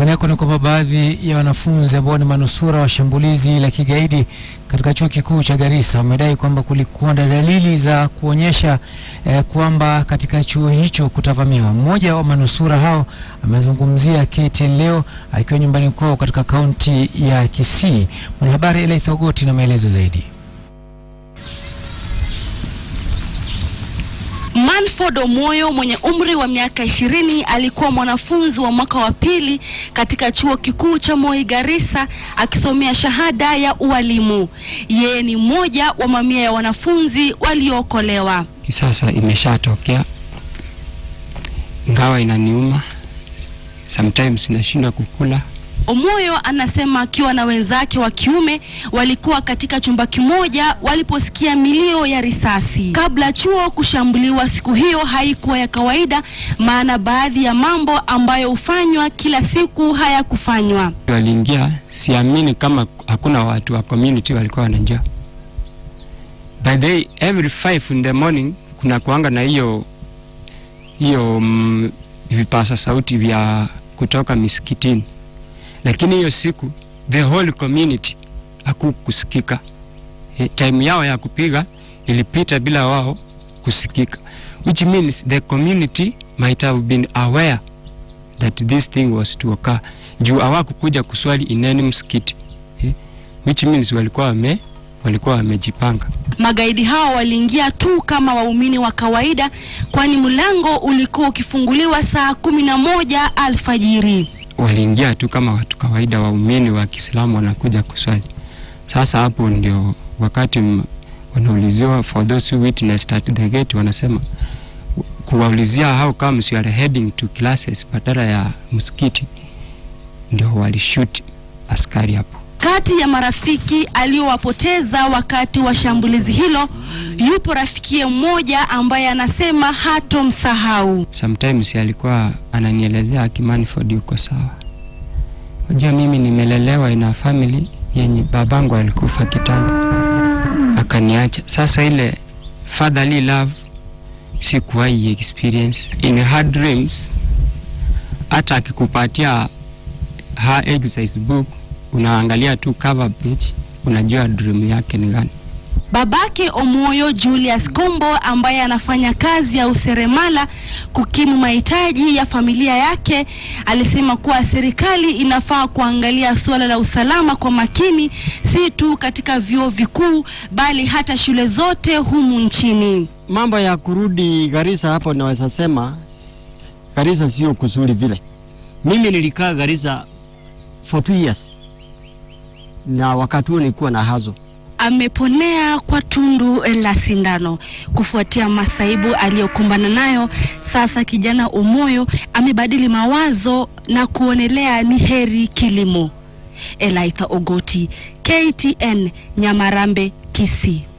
Maoni yako ni kwamba baadhi ya wanafunzi ambao ni manusura wa shambulizi la kigaidi katika chuo kikuu cha Garissa wamedai kwamba kulikuwa na dalili za kuonyesha eh, kwamba katika chuo hicho kutavamiwa. Mmoja wa manusura hao amezungumzia KTN leo akiwa nyumbani kwao katika kaunti ya Kisii. Mwanahabari Elitha Ogoti na maelezo zaidi. Sanford Omoyo mwenye umri wa miaka ishirini alikuwa mwanafunzi wa mwaka wa pili katika chuo kikuu cha Moi Garissa akisomea shahada ya ualimu. Yeye ni mmoja wa mamia ya wanafunzi waliookolewa. Sasa imeshatokea, ngawa inaniuma sometimes, nashindwa kukula Omoyo anasema akiwa na wenzake wa kiume walikuwa katika chumba kimoja waliposikia milio ya risasi. Kabla chuo kushambuliwa siku hiyo haikuwa ya kawaida, maana baadhi ya mambo ambayo hufanywa kila siku hayakufanywa. Waliingia, siamini kama hakuna watu wa community walikuwa wananjia. By day every five in the morning kuna kuanga na hiyo hiyo mm, vipasa sauti vya kutoka misikitini. Lakini hiyo siku the whole community hakukusikika. E, time yao ya kupiga ilipita bila wao kusikika, which means the community might have been aware that this thing was to occur, juu hawakukuja kuswali inani msikiti e, which means walikuwa wame walikuwa wamejipanga. Magaidi hao waliingia tu kama waumini wa kawaida, kwani mlango ulikuwa ukifunguliwa saa kumi na moja alfajiri waliingia tu kama watu kawaida, waumini wa Kiislamu wanakuja kuswali. Sasa hapo ndio wakati wanauliziwa for those who witnessed at the gate, wanasema kuwaulizia how comes you are heading to classes badala ya msikiti, ndio walishuti askari hapo. Kati ya marafiki aliyowapoteza wakati wa shambulizi hilo yupo rafikie mmoja ambaye anasema hatomsahau. Sometimes alikuwa ananielezea Kimanford, yuko sawa. Unajua, mimi nimelelewa ina family yenye babangu alikufa kitambo akaniacha. Sasa ile fatherly love sikuwahi experience in hard dreams, hata akikupatia her exercise book unaangalia tu cover page, unajua dream yake ni gani. Babake Omoyo Julius Kombo ambaye anafanya kazi ya useremala kukimu mahitaji ya familia yake alisema kuwa serikali inafaa kuangalia suala la usalama kwa makini, si tu katika vyuo vikuu bali hata shule zote humu nchini. Mambo ya kurudi Garissa, hapo naweza sema Garissa sio kusuri vile. Mimi nilikaa Garissa for two years na wakati huo nilikuwa na hazo. Ameponea kwa tundu la sindano kufuatia masaibu aliyokumbana nayo. Sasa kijana Umoyo amebadili mawazo na kuonelea ni heri kilimo. Elaitha Ogoti, KTN, Nyamarambe, Kisii.